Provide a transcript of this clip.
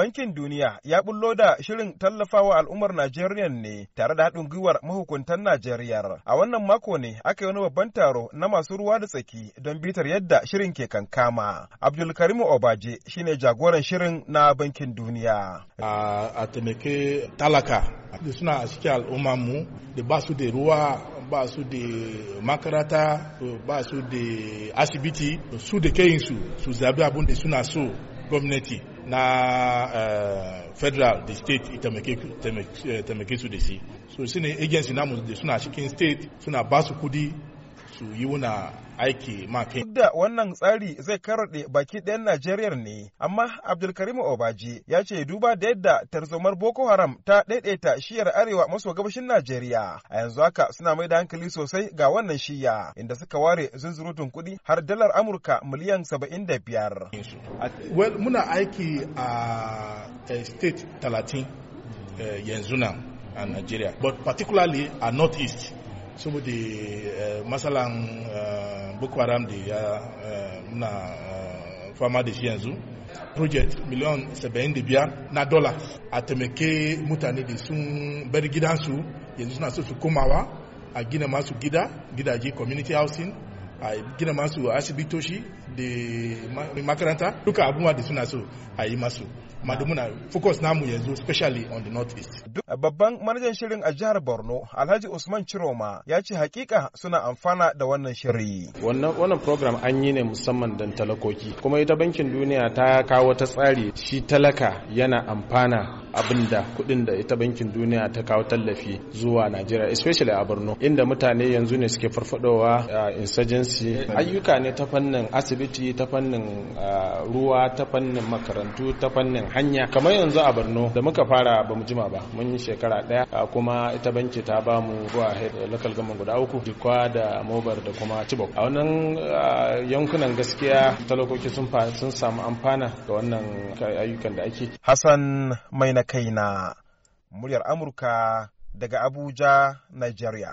Bankin Duniya ya bullo da shirin tallafawa al'ummar Najeriya ne tare da haɗin gwiwar mahukuntan Najeriya. A wannan mako ne aka yi wani babban taro na masu ruwa da tsaki don bitar yadda shirin ke kankama. Karimu Obaje shine jagoran shirin na Bankin Duniya. A taimake talaka da suna a cikin al'umma mu da ba su da ruwa ba su da makarata ba su da asibiti su da kayinsu su zabi abin da suna so gwamnati na eh, federal the state taimake eh, su da si so shine agency namu da suna cikin state suna basu su kudi su yi wuna aiki ma kai. Duk da wannan tsari zai karaɗe baki ɗayan Najeriya ne, amma Abdulkarim Obaji ya ce duba da yadda tarzomar Boko Haram ta ɗaiɗaita shiyar arewa maso gabashin Najeriya. A yanzu haka suna mai da hankali sosai ga wannan shiya inda suka ware zunzurutun kuɗi har dalar Amurka miliyan saba'in da biyar. Muna aiki a state talatin eh, yanzu nan a Nigeria, but particularly a northeast. saboda eh, matsalan eh, boko haram da ya eh, na fama da shi yanzu project de 75 na dola a taimake mutane da sun bar gidansu Yenzu suna so su komawa a gina masu gida gidaje community housing a gina masu asibitoshi da makaranta duka abubuwa da suna so a yi masu madumuna focus namu yanzu especially on the north east. babban manajan shirin a jihar borno alhaji usman chiroma ya ce hakika suna amfana da wannan shiri wannan program an yi ne musamman don talakoki kuma ita bankin duniya ta kawo ta tsari shi talaka yana amfana abinda kuɗin da ita bankin duniya ta kawo tallafi zuwa Najeriya especially a Borno inda mutane yanzu ne suke farfadowa uh, insurgency ayyuka ne ta fannin asibiti ta fannin uh, ruwa ta fannin makarantu ta fannin hanya kamar yanzu a Borno da muka fara ba mu jima ba mun yi shekara ɗaya uh, kuma ita banki ta ba mu zuwa local government guda uku Dikwa da Mobar da kuma Chibok a wannan yankunan gaskiya talakoki sun samu amfana ga wannan ayyukan da ake Hassan Maina na kaina muryar amurka daga abuja nigeria